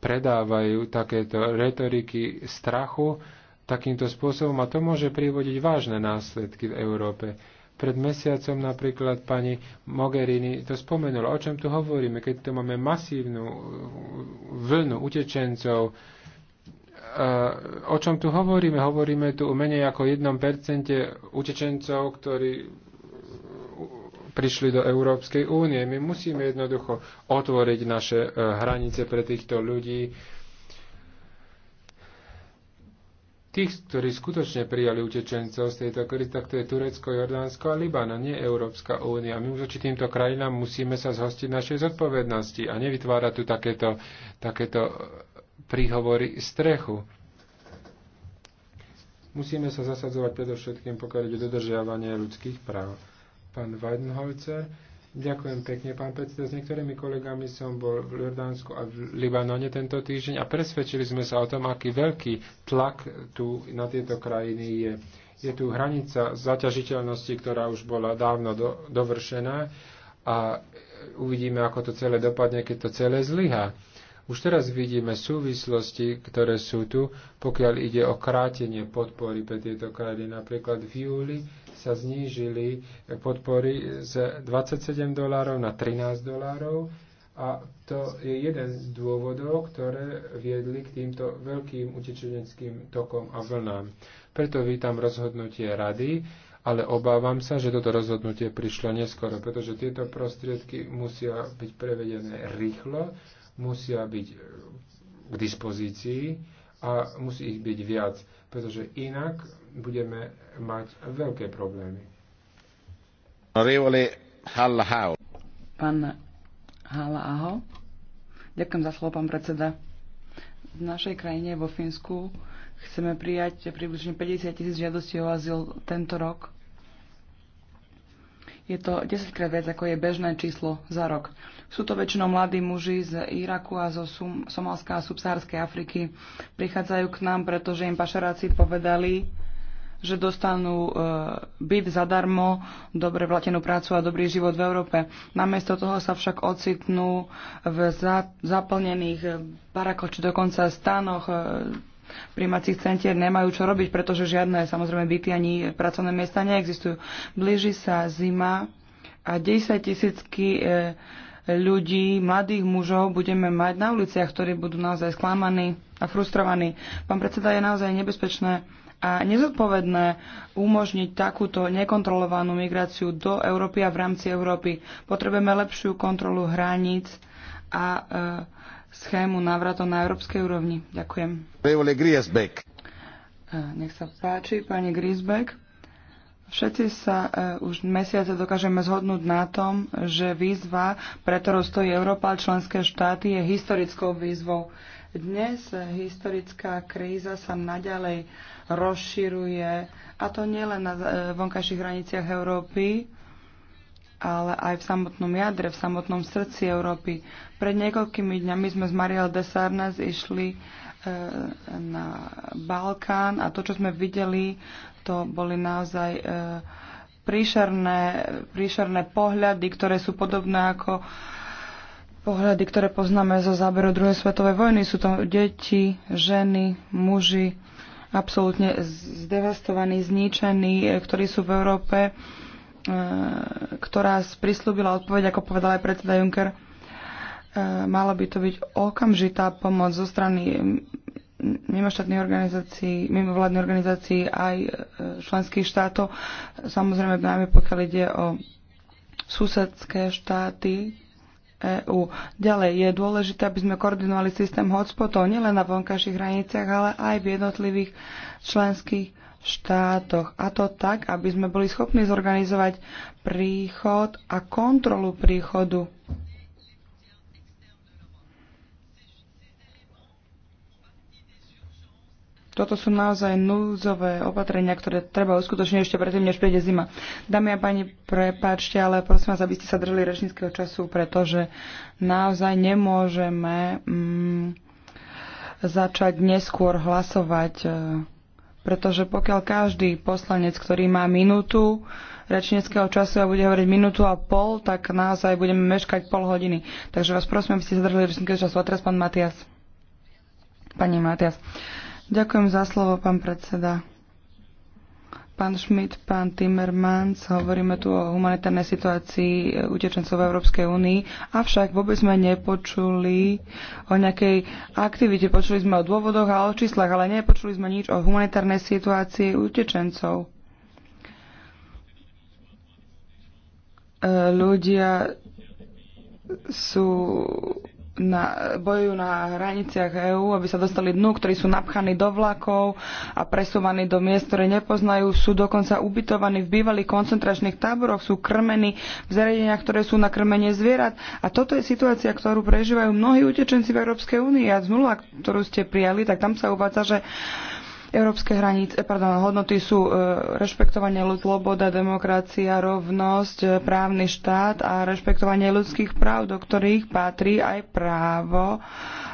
predávajú takéto retoriky strachu takýmto spôsobom a to môže privodiť vážne následky v Európe. Pred mesiacom napríklad pani Mogherini to spomenula. O čom tu hovoríme, keď tu máme masívnu vlnu utečencov, o čom tu hovoríme? Hovoríme tu o menej ako 1% utečencov, ktorí prišli do Európskej únie. My musíme jednoducho otvoriť naše e, hranice pre týchto ľudí. Tých, ktorí skutočne prijali utečencov z tejto krízy, tak to je Turecko, Jordánsko a Libana, nie Európska únia. My voči týmto krajinám musíme sa zhostiť našej zodpovednosti a nevytvárať tu takéto, takéto príhovory strechu. Musíme sa zasadzovať predovšetkým, pokiaľ ide dodržiavanie ľudských práv. Pán Weidenholzer, ďakujem pekne, pán predseda. S niektorými kolegami som bol v Jordánsku a v Libanone tento týždeň a presvedčili sme sa o tom, aký veľký tlak tu na tieto krajiny je. Je tu hranica zaťažiteľnosti, ktorá už bola dávno do, dovršená a uvidíme, ako to celé dopadne, keď to celé zlyhá. Už teraz vidíme súvislosti, ktoré sú tu, pokiaľ ide o krátenie podpory pre tieto krajiny. Napríklad v júli sa znížili podpory z 27 dolárov na 13 dolárov a to je jeden z dôvodov, ktoré viedli k týmto veľkým utečeneckým tokom a vlnám. Preto vítam rozhodnutie rady, ale obávam sa, že toto rozhodnutie prišlo neskoro, pretože tieto prostriedky musia byť prevedené rýchlo musia byť eh, k dispozícii a musí ich byť viac, pretože inak budeme mať veľké problémy. Pán Halaho. Ďakujem za slovo, pán predseda. V našej krajine, vo Fínsku, chceme prijať približne 50 tisíc žiadostí o azyl tento rok je to 10 krát viac, ako je bežné číslo za rok. Sú to väčšinou mladí muži z Iraku a zo Som- Somalska a subsárskej Afriky. Prichádzajú k nám, pretože im pašeráci povedali, že dostanú e, byt zadarmo, dobre vlatenú prácu a dobrý život v Európe. Namiesto toho sa však ocitnú v za- zaplnených e, barakoch či dokonca stanoch e, príjmacích centier nemajú čo robiť, pretože žiadne samozrejme byty ani pracovné miesta neexistujú. Blíži sa zima a 10 tisícky e, ľudí, mladých mužov budeme mať na uliciach, ktorí budú naozaj sklamaní a frustrovaní. Pán predseda, je naozaj nebezpečné a nezodpovedné umožniť takúto nekontrolovanú migráciu do Európy a v rámci Európy. Potrebujeme lepšiu kontrolu hraníc a e, schému návratov na európskej úrovni. Ďakujem. E, nech sa páči, pani Griesbeck. Všetci sa uh, už mesiace dokážeme zhodnúť na tom, že výzva, pre ktorú stojí Európa a členské štáty, je historickou výzvou. Dnes e, historická kríza sa naďalej rozširuje, a to nielen na vonkajších hraniciach Európy, ale aj v samotnom jadre, v samotnom srdci Európy. Pred niekoľkými dňami sme s Mariel de Sarnes išli e, na Balkán a to, čo sme videli, to boli naozaj e, príšerné, príšerné pohľady, ktoré sú podobné ako pohľady, ktoré poznáme zo záberu druhej svetovej vojny. Sú to deti, ženy, muži, absolútne zdevastovaní, zničení, e, ktorí sú v Európe E, ktorá prislúbila odpoveď, ako povedal aj predseda Juncker, e, mala by to byť okamžitá pomoc zo strany mimoštátnych organizácií, mimovládnych organizácií aj e, členských štátov. Samozrejme, najmä pokiaľ ide o susedské štáty EÚ. Ďalej, je dôležité, aby sme koordinovali systém hotspotov nielen na vonkajších hraniciach, ale aj v jednotlivých členských štátoch. A to tak, aby sme boli schopní zorganizovať príchod a kontrolu príchodu. Toto sú naozaj núdzové opatrenia, ktoré treba uskutočniť ešte predtým, než príde zima. Dámy a páni, prepáčte, ale prosím vás, aby ste sa držali rečníckého času, pretože naozaj nemôžeme mm, začať neskôr hlasovať. E, pretože pokiaľ každý poslanec, ktorý má minútu rečníckého času a bude hovoriť minútu a pol, tak naozaj budeme meškať pol hodiny. Takže vás prosím, aby ste zadržali rečníckého času. A teraz pán Matias. Pani Matias. Ďakujem za slovo, pán predseda. Pán Schmidt, pán Timmermans, hovoríme tu o humanitárnej situácii e, utečencov v Európskej únii, avšak vôbec sme nepočuli o nejakej aktivite. Počuli sme o dôvodoch a o číslach, ale nepočuli sme nič o humanitárnej situácii utečencov. E, ľudia sú na, bojujú na hraniciach EÚ, aby sa dostali dnu, ktorí sú napchaní do vlakov a presúvaní do miest, ktoré nepoznajú, sú dokonca ubytovaní v bývalých koncentračných táboroch, sú krmení v zariadeniach, ktoré sú na krmenie zvierat. A toto je situácia, ktorú prežívajú mnohí utečenci v Európskej únii. A z nula, ktorú ste prijali, tak tam sa uvádza, že Európske hranice, pardon, hodnoty sú e, rešpektovanie sloboda, demokracia, rovnosť, e, právny štát a rešpektovanie ľudských práv, do ktorých patrí aj právo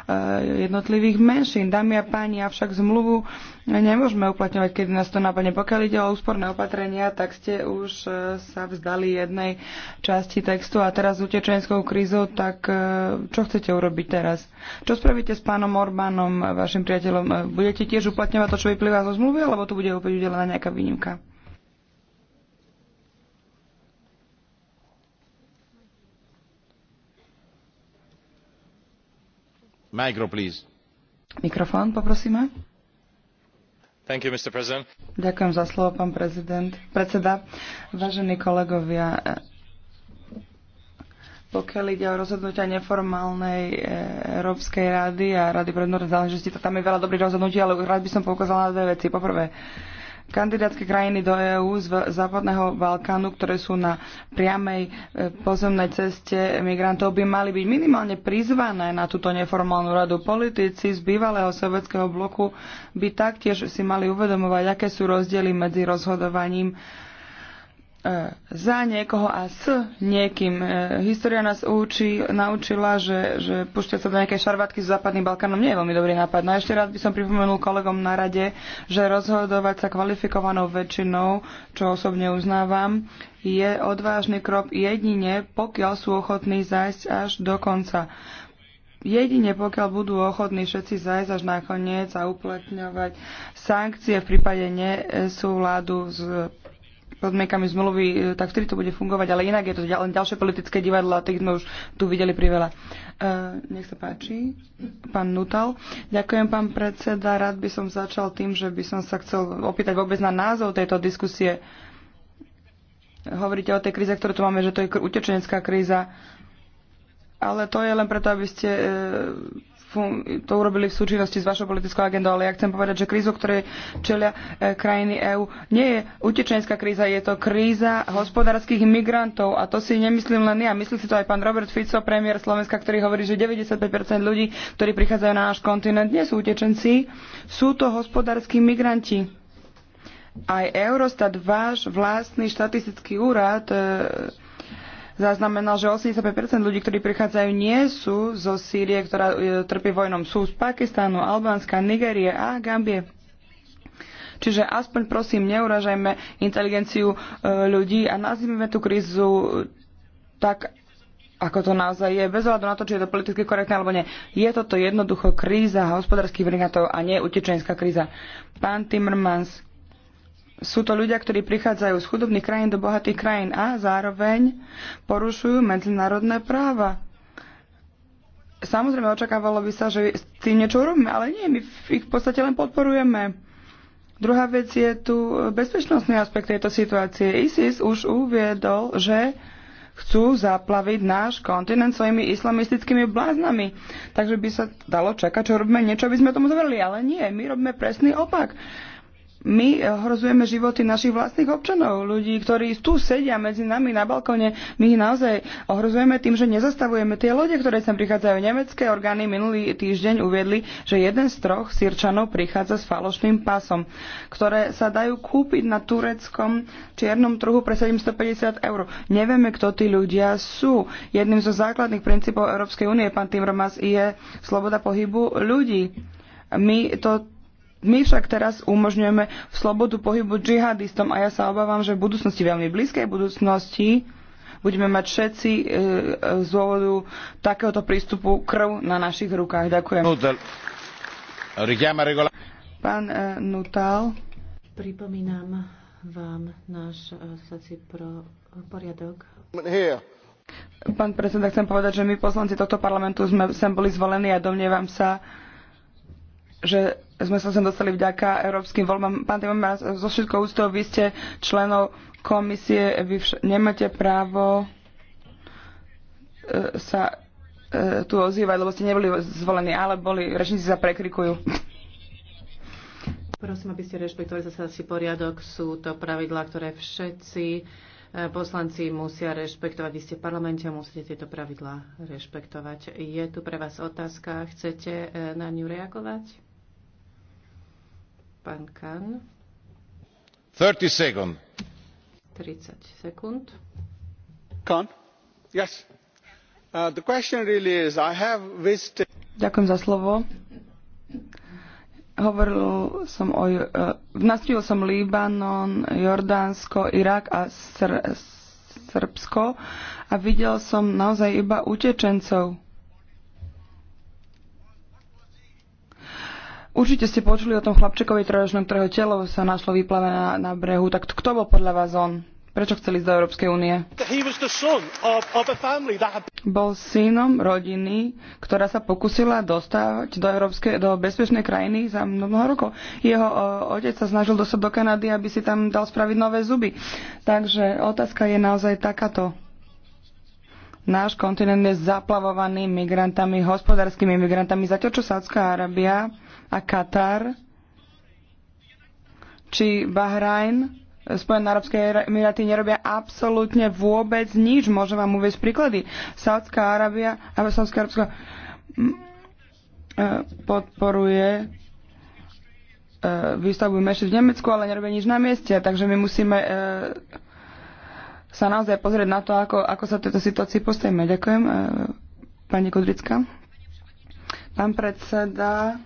Eh, jednotlivých menšín. Dámy a páni, avšak zmluvu nemôžeme uplatňovať, keď nás to napadne. Pokiaľ ide o úsporné opatrenia, tak ste už eh, sa vzdali jednej časti textu a teraz s utečenskou krízou, tak eh, čo chcete urobiť teraz? Čo spravíte s pánom Orbánom, vašim priateľom? Budete tiež uplatňovať to, čo vyplýva zo zmluvy, alebo tu bude opäť udelená nejaká výnimka? Micro, Mikrofón, poprosíme. Ďakujem za slovo, pán prezident. Predseda, vážení kolegovia, pokiaľ ide o rozhodnutia neformálnej e, Európskej rady a Rady pre vnútorné záležitosti, tak tam je veľa dobrých rozhodnutí, ale rád by som poukázala na dve veci. po prvé kandidátske krajiny do EÚ z západného Balkánu, ktoré sú na priamej e, pozemnej ceste migrantov, by mali byť minimálne prizvané na túto neformálnu radu. Politici z bývalého sovietského bloku by taktiež si mali uvedomovať, aké sú rozdiely medzi rozhodovaním E, za niekoho a s niekým. E, história nás učí, naučila, že, že púšťať sa do nejakej šarvatky s západným Balkánom nie je veľmi dobrý nápad. No a ešte raz by som pripomenul kolegom na rade, že rozhodovať sa kvalifikovanou väčšinou, čo osobne uznávam, je odvážny krok jedine, pokiaľ sú ochotní zajsť až do konca. Jedine pokiaľ budú ochotní všetci zajsť až nakoniec a uplatňovať sankcie v prípade nesúladu s podmienkami zmluvy, e, tak vtedy to bude fungovať, ale inak je to len ďalšie politické divadlo a tých sme už tu videli priveľa. E, nech sa páči, pán Nutal. Ďakujem, pán predseda. Rád by som začal tým, že by som sa chcel opýtať vôbec na názov tejto diskusie. Hovoríte o tej kríze, ktorú tu máme, že to je utečenecká kríza, ale to je len preto, aby ste e, to urobili v súčinnosti s vašou politickou agendou, ale ja chcem povedať, že krízu, ktoré čelia e, krajiny EÚ, nie je utečenská kríza, je to kríza hospodárskych migrantov a to si nemyslím len ja. Myslí si to aj pán Robert Fico, premiér Slovenska, ktorý hovorí, že 95% ľudí, ktorí prichádzajú na náš kontinent, nie sú utečenci, sú to hospodárskí migranti. Aj Eurostat, váš vlastný štatistický úrad, e, zaznamenal, že 85% ľudí, ktorí prichádzajú, nie sú zo Sýrie, ktorá e, trpí vojnom. Sú z Pakistánu, Albánska, Nigérie a Gambie. Čiže aspoň prosím, neuražajme inteligenciu e, ľudí a nazvime tú krízu tak, ako to naozaj je, bez ohľadu na to, či je to politicky korektné alebo nie. Je toto jednoducho kríza hospodárskych brigátov a nie utečenská kríza. Pán Timmermans, sú to ľudia, ktorí prichádzajú z chudobných krajín do bohatých krajín a zároveň porušujú medzinárodné práva. Samozrejme, očakávalo by sa, že s tým niečo urobíme, ale nie, my ich v podstate len podporujeme. Druhá vec je tu bezpečnostný aspekt tejto situácie. ISIS už uviedol, že chcú zaplaviť náš kontinent svojimi islamistickými bláznami. Takže by sa dalo čakať, čo robíme niečo, aby sme tomu zavreli. Ale nie, my robíme presný opak my ohrozujeme životy našich vlastných občanov, ľudí, ktorí tu sedia medzi nami na balkóne. My ich naozaj ohrozujeme tým, že nezastavujeme tie lode, ktoré sem prichádzajú. Nemecké orgány minulý týždeň uviedli, že jeden z troch sírčanov prichádza s falošným pasom, ktoré sa dajú kúpiť na tureckom čiernom trhu pre 750 eur. Nevieme, kto tí ľudia sú. Jedným zo základných princípov Európskej únie, pán Timmermans, je sloboda pohybu ľudí. My to my však teraz umožňujeme slobodu pohybu džihadistom a ja sa obávam, že v budúcnosti, veľmi blízkej budúcnosti, budeme mať všetci e, e z dôvodu takéhoto prístupu krv na našich rukách. Ďakujem. Pán e, Nutal. Pripomínam vám náš e, sací pro poriadok. Pán predseda, chcem povedať, že my poslanci tohto parlamentu sme sem boli zvolení a domnievam sa, že sme sa sem dostali vďaka európskym voľbám. Pán Timmermans, zo všetkou ústou vy ste členov komisie, vy vš- nemáte právo e, sa e, tu ozývať, lebo ste neboli zvolení, ale boli, rečníci sa prekrikujú. Prosím, aby ste rešpektovali asi poriadok. Sú to pravidlá, ktoré všetci e, poslanci musia rešpektovať. Vy ste v parlamente a musíte tieto pravidlá rešpektovať. Je tu pre vás otázka. Chcete e, na ňu reagovať? Pán Kan. 30 sekúnd. 30 sekúnd. Kan. Yes. Uh, the question really is, I have visited... Ďakujem za slovo. Hovoril som o... Uh, nastívil som Libanon, Jordánsko, Irak a Sr- Srbsko a videl som naozaj iba utečencov Určite ste počuli o tom chlapčekovi trojročnom, ktorého telo sa našlo vyplavené na, na brehu. Tak kto bol podľa vás on? Prečo chceli ísť do Európskej únie? Bol synom rodiny, ktorá sa pokusila dostať do, Európskej, do bezpečnej krajiny za mnoho rokov. Jeho o, otec sa snažil dostať do Kanady, aby si tam dal spraviť nové zuby. Takže otázka je naozaj takáto. Náš kontinent je zaplavovaný migrantami, hospodárskymi migrantami. Zatiaľ, čo Sádzka Arábia a Katar, či Bahrajn, Spojené arabské emiráty nerobia absolútne vôbec nič. Môžem vám uvieť príklady. Saudská Arábia, a Saudská Arábska e, podporuje e, výstavbu meši v Nemecku, ale nerobia nič na mieste. Takže my musíme e, sa naozaj pozrieť na to, ako, ako sa tejto situácii postavíme. Ďakujem, pani Kudrická. Pán predseda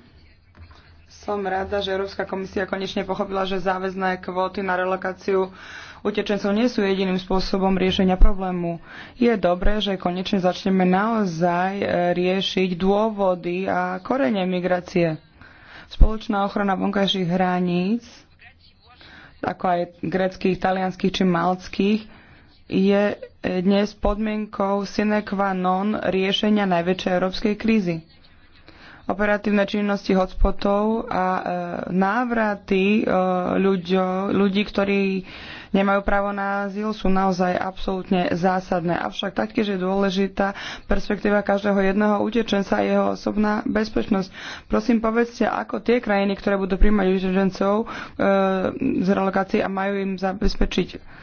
som rada, že Európska komisia konečne pochopila, že záväzné kvóty na relokáciu utečencov nie sú jediným spôsobom riešenia problému. Je dobré, že konečne začneme naozaj e, riešiť dôvody a korene migrácie. Spoločná ochrana vonkajších hraníc, ako aj greckých, talianských či malckých, je e, dnes podmienkou sine qua non riešenia najväčšej európskej krízy operatívne činnosti hotspotov a e, návraty e, ľuďo, ľudí, ktorí nemajú právo na azyl, sú naozaj absolútne zásadné. Avšak taktiež je dôležitá perspektíva každého jedného utečenca a jeho osobná bezpečnosť. Prosím, povedzte, ako tie krajiny, ktoré budú príjmať utečencov e, z relokácií a majú im zabezpečiť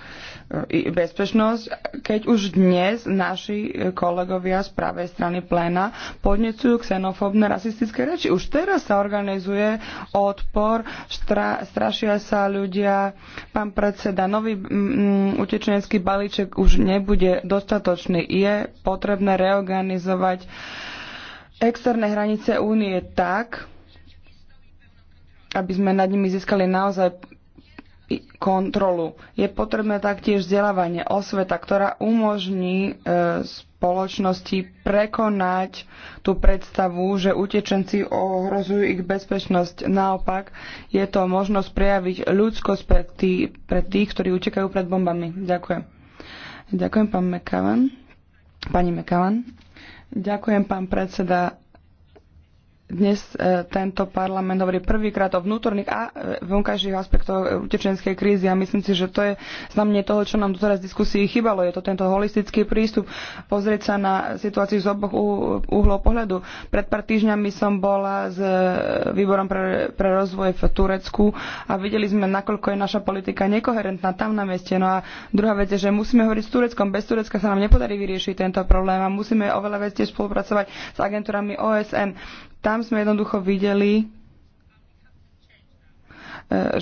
bezpečnosť, keď už dnes naši kolegovia z pravej strany pléna podnecujú xenofóbne rasistické reči. Už teraz sa organizuje odpor, štra, strašia sa ľudia. Pán predseda, nový mm, mm, utečenecký balíček už nebude dostatočný. Je potrebné reorganizovať externé hranice únie tak, aby sme nad nimi získali naozaj kontrolu. Je potrebné taktiež vzdelávanie osveta, ktorá umožní e, spoločnosti prekonať tú predstavu, že utečenci ohrozujú ich bezpečnosť. Naopak, je to možnosť prejaviť ľudskosť pre, tých, pre tých, ktorí utekajú pred bombami. Ďakujem. Ďakujem, pán Mekavan. Pani McCavan. Ďakujem, pán predseda. Dnes e, tento parlament hovorí prvýkrát o vnútorných a e, vonkajších aspektoch e, utečenskej krízy a myslím si, že to je znamenie toho, čo nám doteraz v diskusii chýbalo. Je to tento holistický prístup, pozrieť sa na situáciu z oboch uhlov pohľadu. Pred pár týždňami som bola s výborom pre, pre rozvoj v Turecku a videli sme, nakoľko je naša politika nekoherentná tam na meste. No a druhá vec je, že musíme hovoriť s Tureckom. Bez Turecka sa nám nepodarí vyriešiť tento problém a musíme oveľa viac spolupracovať s agentúrami OSN tam sme jednoducho videli, e,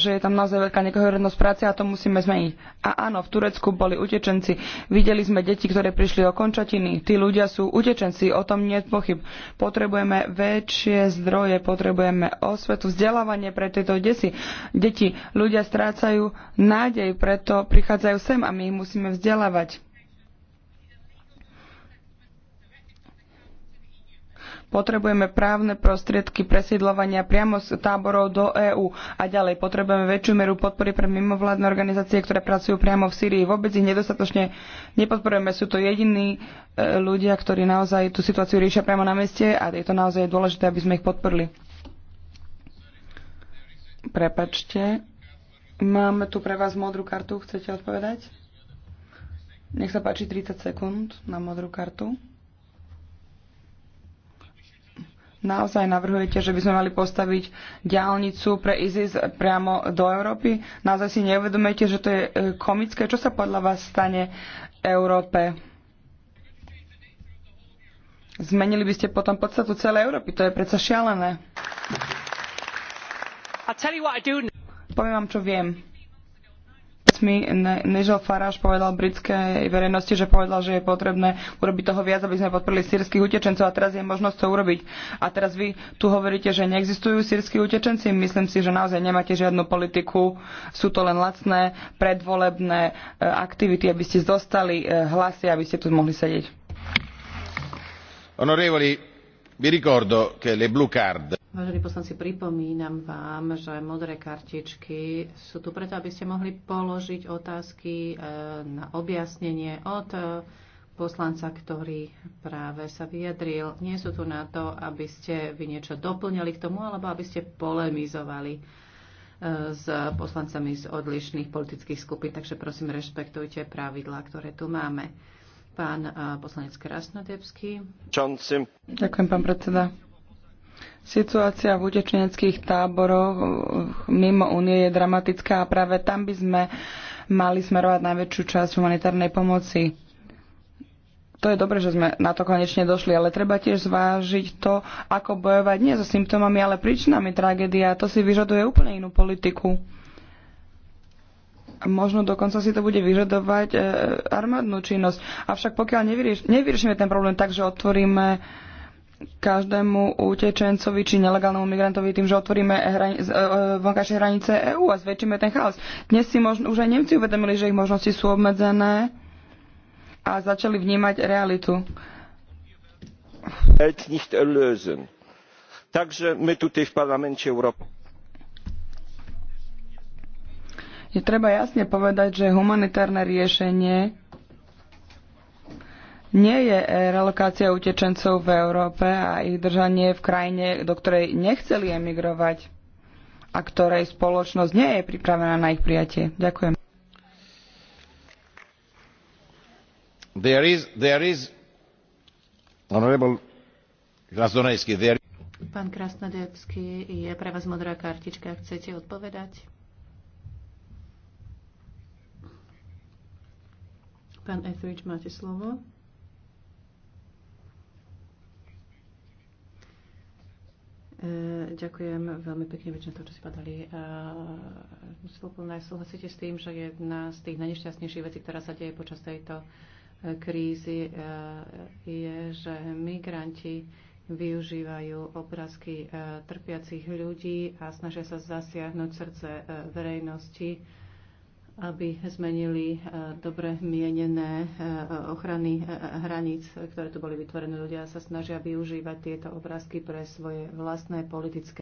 že je tam naozaj veľká nekoherenosť práce a to musíme zmeniť. A áno, v Turecku boli utečenci. Videli sme deti, ktoré prišli o končatiny. Tí ľudia sú utečenci, o tom nie je pochyb. Potrebujeme väčšie zdroje, potrebujeme osvetu, vzdelávanie pre tieto desi. deti. Ľudia strácajú nádej, preto prichádzajú sem a my ich musíme vzdelávať Potrebujeme právne prostriedky presídľovania priamo z táborov do EÚ a ďalej potrebujeme väčšiu mieru podpory pre mimovládne organizácie, ktoré pracujú priamo v Sýrii. Vôbec ich nedostatočne nepodporujeme. Sú to jediní e, ľudia, ktorí naozaj tú situáciu riešia priamo na mieste a je to naozaj dôležité, aby sme ich podporili. Prepačte. Máme tu pre vás modrú kartu. Chcete odpovedať? Nech sa páči 30 sekúnd na modrú kartu. Naozaj navrhujete, že by sme mali postaviť diálnicu pre ISIS priamo do Európy? Naozaj si neuvedomujete, že to je e, komické? Čo sa podľa vás stane Európe? Zmenili by ste potom podstatu celej Európy. To je predsa šialené. Poviem vám, čo viem vecmi. Nigel Farage povedal britskej verejnosti, že povedal, že je potrebné urobiť toho viac, aby sme podporili sírskych utečencov a teraz je možnosť to urobiť. A teraz vy tu hovoríte, že neexistujú sírsky utečenci. Myslím si, že naozaj nemáte žiadnu politiku. Sú to len lacné predvolebné e, aktivity, aby ste dostali e, hlasy, aby ste tu mohli sedieť. Honorevoli, Vi ricordo che le blue card Vážení poslanci, pripomínam vám, že modré kartičky sú tu preto, aby ste mohli položiť otázky e, na objasnenie od e, poslanca, ktorý práve sa vyjadril. Nie sú tu na to, aby ste vy niečo doplňali k tomu, alebo aby ste polemizovali e, s poslancami z odlišných politických skupín. Takže prosím, rešpektujte pravidlá, ktoré tu máme. Pán eh, poslanec Krasnodebský. Ďakujem, pán predseda. Situácia v utečeneckých táboroch eh, mimo únie je dramatická a práve tam by sme mali smerovať najväčšiu časť humanitárnej pomoci. To je dobre, že sme na to konečne došli, ale treba tiež zvážiť to, ako bojovať nie so symptómami, ale príčinami tragédia. To si vyžaduje úplne inú politiku možno dokonca si to bude vyžadovať e, armádnu činnosť. Avšak pokiaľ nevyrieš, nevyriešime ten problém tak, že otvoríme každému utečencovi či nelegálnemu migrantovi tým, že otvoríme hrani- e, e, vonkajšie hranice EÚ a zväčšíme ten chaos. Dnes si možno, už aj Nemci uvedomili, že ich možnosti sú obmedzené a začali vnímať realitu. nicht erlösen. my tutaj v parlamente Európy Je treba jasne povedať, že humanitárne riešenie nie je e, relokácia utečencov v Európe a ich držanie v krajine, do ktorej nechceli emigrovať a ktorej spoločnosť nie je pripravená na ich prijatie. Ďakujem. There is, there is, honorable there... Pán Krasnodevský, je pre vás modrá kartička. Chcete odpovedať? Pán Etheridge, máte slovo. E, ďakujem veľmi pekne večne to, čo si padali. E, Slobodné súhlasíte s tým, že jedna z tých najnešťastnejších vecí, ktorá sa deje počas tejto e, krízy, je, že migranti využívajú obrázky trpiacich ľudí a snažia sa zasiahnuť srdce verejnosti aby zmenili e, dobre mienené e, ochrany e, hraníc, ktoré tu boli vytvorené. Ľudia sa snažia využívať tieto obrázky pre svoje vlastné politické